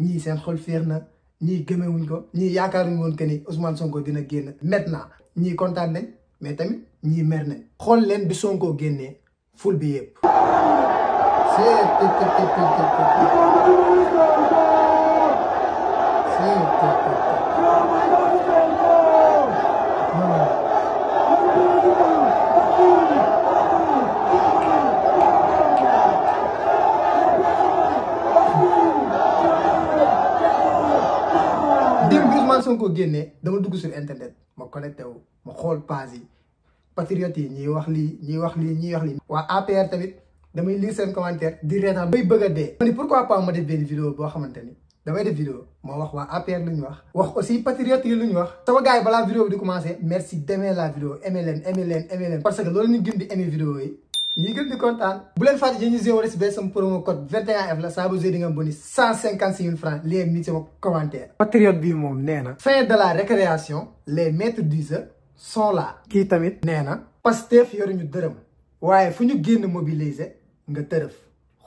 ñii seen xol féex na ñii gëmewuñ ko ñii yaakaaruñ woon que ni Ousmane Sonko dina génn maintenant ñi kontaan nañ mais tamit ñii mer nañ xool leen bi Sonko génnee ful bi yëpp Sonko génnee dama dugg sur internet ma connecté wu ma xool page yi patriotes yi ñiy wax lii ñiy wax lii ñiy wax lii waa APR tamit damay lire seen commentaire di reetaan bay bëgg a dee ma ni pourquoi pas ma def benn vidéo boo xamante ni damay def vidéo moo wax waa APR lu ñu wax wax aussi patriotes lu ñu wax sama gars yi balaa vidéo bi di commencer merci d'aimer la vidéo aimer leen aimer leen parce que loolu ñu gën di aimer vidéo yi ñuy gën di kontaan bu leen fàtte yi ñu zéro si benn sama promo code 21F la saa bu zéro di nga bonus 156 000 francs les mi sama commentaire. patriote bi moom nee na. fin de la récréation les maîtres du sont là. kii tamit nee na. Pastef yoruñu dërëm waaye fu ñu génn mobiliser nga tërëf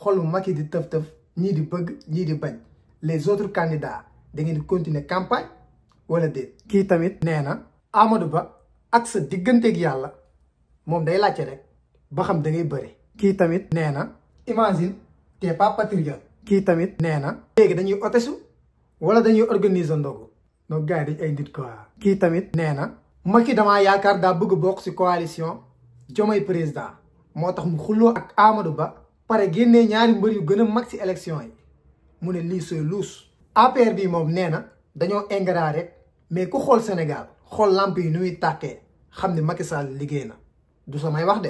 xol bu mag yi di tëf tëf ñii di bëgg ñii di bañ les autres candidats da ngeen di continuer campagne wala déet. kii tamit nee na Amadou Ba ak sa digganteeg yàlla moom day laajte rek. ba xam dangay ngay bëri. kii tamit nee na. imagine t'es pas patriote. kii tamit nee na. léegi dañuy otesu wala dañuy organiser ndogu. donc gars yi dañ ay nit kii tamit nee na. Macky damaa yaakaar daa bëgg bokk ci coalition Diomaye président moo tax mu xulloo ak Amadou Ba pare génnee ñaari mbër yu gën a mag ci élection yi mu ne lii sooy luus. APR bii moom nee na dañoo ingrat rek mais ku xool Sénégal xool lamp yi nu muy xam ne Macky Sall liggéey na du samay wax de.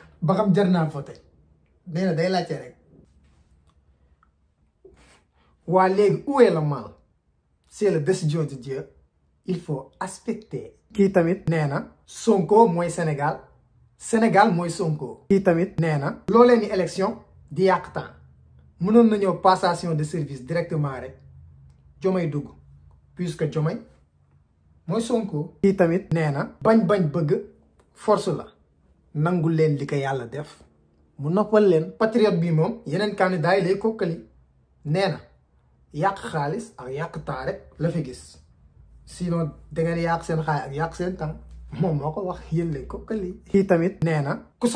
ba xam jar naa voté nee day laccé rek waa léegi où est le mal c'est la décision de Dieu il faut aspecter ki tamit nee Sonko moy Sénégal Sénégal moy Sonko ki tamit nee na loolee ni élection di yàq temps mënoon nañoo passation de service directement rek jomay dugg puisque jomay moy Sonko ki tamit nee bagn bagn bëgg force la nangu leen li ko yàlla def mu noppal leen patriote bi moom yeneen kaani yi lay kokkali nee na yàq xaalis ak yàq temps rek la fi gis sinon da ngeen yàq seen xaalis ak yàq seen temps moom moo ko wax yéen lay kokkali kii tamit nee na ku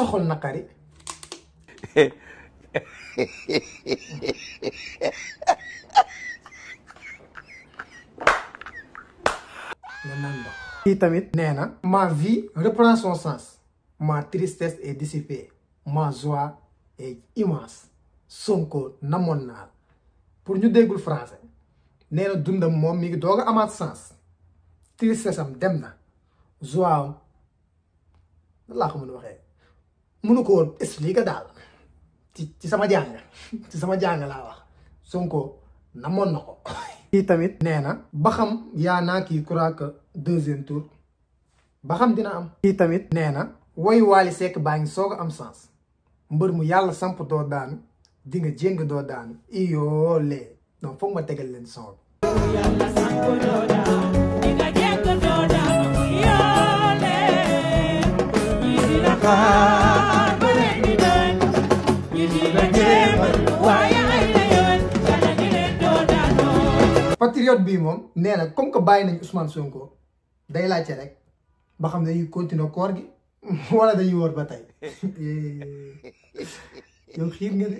na naan ndox tamit nee na ma vie reprend son sens ma tristesse est dissipée ma joie est immense Sonko namoon naa pour ñu déggul français nee dundam moom mi ngi doog amaat sens tristesse am dem na joie am nan laa ko mën a waxee mënu ko woon expliquer daal ci sama jàng ci sama jàng laa wax Sonko namoon na ko. kii tamit nee na ba xam yaa naa kii crois que deuxième tour ba xam dina am. kii tamit nee na. way wali sek bañ ngi am sens mbeur mu yalla samp do daan di nga jeng do daan iyo le donc foog ma tegal len son bi patriote bi mom neena comme que bàyyi nañ Ousmane Sonko day laajte rek ba xamne yu continue koor gi wala dañuy woor ba tey yow xiir nga de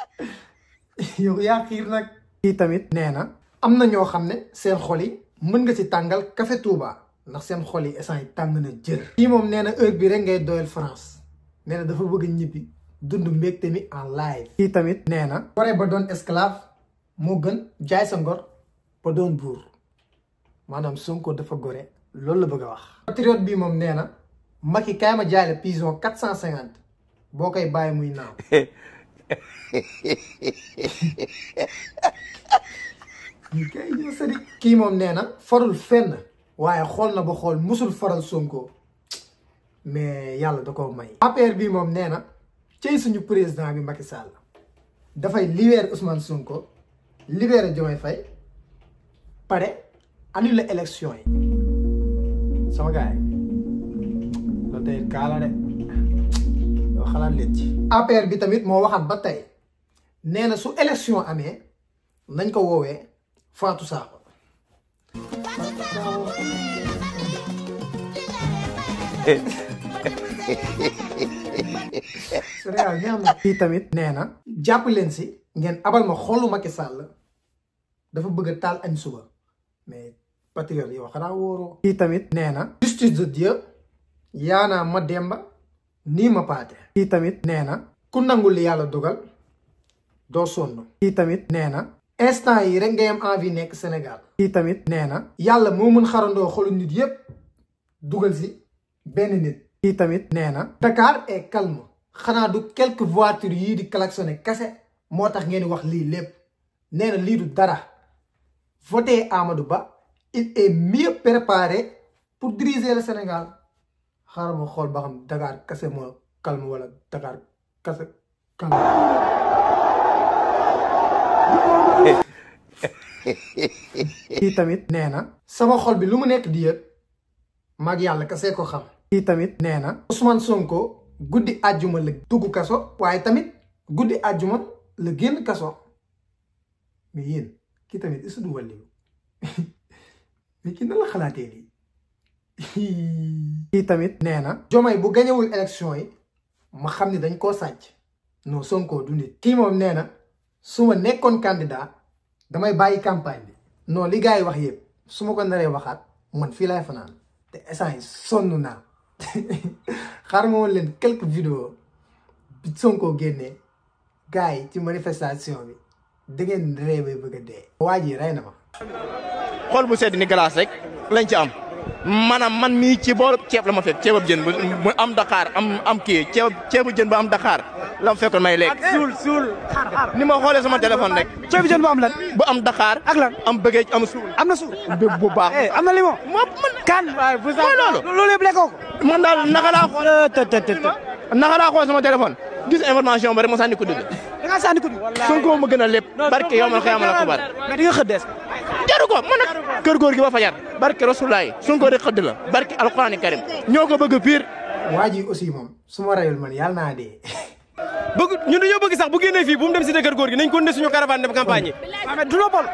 yow yaa xiir nag. kii tamit nee na. am na ñoo xam ne seen xol yi mën nga ci tàngal café Touba ndax seen xol yi essence yi tàng na jër. kii moom nee na heure bi rek ngay doyal France nee na dafa bëgg ñibbi dund mbégte mi en live. kii tamit nee na. waree ba doon esclave moo gën jaay sa ngor ba doon buur maanaam Sonko dafa gore loolu la bëgg a wax. patriote bii moom nee na. Macky kaay ma jaay la pigeon cent cinquante boo koy bàyyi muy naaw. kay ñoo sëri kii moom nee na farul fenn waaye xool na ba xool mosul faral Sonko mais yàlla da ko may. APR bii moom nee na cey suñu président bi Macky Sall dafay libérer Ousmane Sonko libérer Diomaye Faye pare annulé élection yi sama gars yi tey kala de yow xalaat leen ci APR bi tamit mo waxat ba su election amé nañ ko wowe Fatou Sakho Sénégal ñi am tamit nee na ngeen abal ma xolu Macky Sall dafa bëgg taal añ suba mais patriote yow xanaa wóoroo fii tamit nee justice de Dieu yaanaa ma demba nii ma paate kii tamit nee na ku nangu li yàlla dugal doo sonn kii tamit nee na instant yi rek ngay am envie nekk Sénégal kii tamit nee na yàlla moo mën xarandoo xolu nit yépp dugal si benn nit kii tamit nee na Dakar est xanaa du quelques voitures yii di klaxonné kese moo tax ngeen wax lii lépp nee na lii du dara voter Amadou Ba il est mieux préparé pour diriger le Sénégal xaaral ma xool ba xam Dakar kase ma calme wala Dakar kase calme. kii tamit nee na. sama xool bi lu mu nekk di yëg maag yàlla kase ko xam. kii tamit nee na. Ousmane Sonko guddi àjjuma la dugg kaso. waaye tamit guddi àjjuma la génn kaso mais yéen kii tamit est du wàllu mais kii nan la xalaatee lii. kii tamit nee na Diomaye bu gañewul élection yi ma xam ni dañ koo sàcc non sonkoo du nit kii nee na su ma nekkoon candidat damay bàyyi campagne bi non li gars yi wax yëpp su ma ko naree waxaat man fii laay fanaan te instant yi sonn naa xaar ma leen quelques vidéos bi Sonko génnee gars yi ci manifestation bi da ngeen réewee bëgg a dee waa ji rey na ma xool bu sedd ni glace rek lañ ci am maanaam man mii ci boolu ceeb la ma fekk ceebab jën bu am Dakar am am kii ceeb ceebu jën bu am Dakar la ma fekkoon may lekk. suul suul ni ma xoolee sama téléphone rek. ceebu jën bu am lan. bu am Dakar. ak lan am bëggee am suul. am na suul bu baax. Eh, am na limon. moom man kan. waaye bu loolu loolu yëpp lekkoo ko. man daal naka laa xoolee. Eh, të të laa xoolee sama téléphone. gis information ba rek ma sànni ko dëgg. da ngaa sànni ko dëgg. Sonko ma gën a lépp. barke yow man xëy na ma la jaruko mo nak mana? góor gi ba fajar barke rasulaay sun ko rek xëdd la barke alquraan karim ñoko bëgg fiir waji aussi mom suma rayul man yal na dee bëgg ñu dañoo bëgg sax bu gene fi bu mu dem ci kër góor gi nañ ko ne suñu caravane dem campagne amé du noppal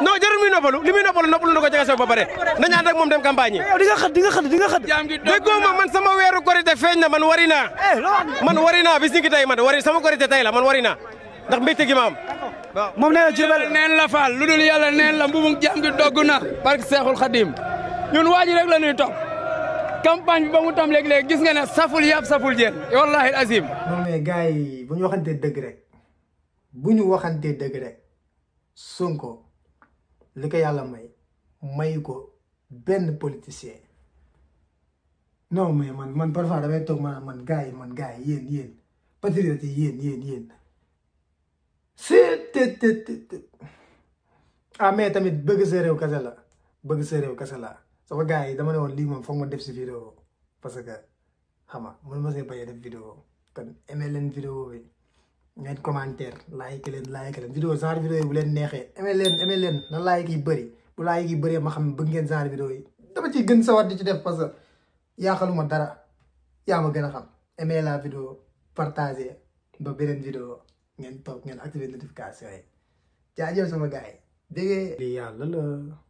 no jarul muy noppalu limi muy noppalu noppalu ko jaga so ba pare nañ ànd ak moom dem campagne eh, yow di nga xëdd di nga xëdd di nga xëdd déggoo mo man sama weeru korité feñ na man warina eh, man warina bis ni ki tay man warina sama korité tay la man warina ndax mbégte gi ma am moom nee na Jurbel neen la faal lu dul yàlla neen la mbubu jaam gi dogg na barke Seexul Xadim ñun waa rek la ñuy topp campagne bi ba mu tam léeg-léeg gis nga ne saful yàpp saful jeen wallahi azim non mais gars bu ñu waxantee dëgg rek bu ñu waxantee dëgg rek Sonko li ko yàlla may may ko benn politicien non mais man man parfois damay toog man man gars man gars yi yéen yéen patriote yi yéen yéen yéen seet te te te ah mais tamit bëgg sa réew kese la bëgg sa réew kese la sama gars yi dama ne woon lii moom foog ma def si vidéo parce que xam nga mënu ma see bañ a def vidéo kon aimé leen vidéo bi ngeen commentaire like leen like leen vidéo genre vidéo yi bu leen neexee aimé leen aimé leen na like yi bëri bu like yi bëree ma xam bëgg ngeen genre vidéo yi dama ciy gën sawar di ci def parce que yaaxaluma dara yaa ma gën a xam aimé la vidéo partagé ba beneen vidéo ngeen toog ngeen activé notification yi jaajëf sama gars yi dégg yàlla la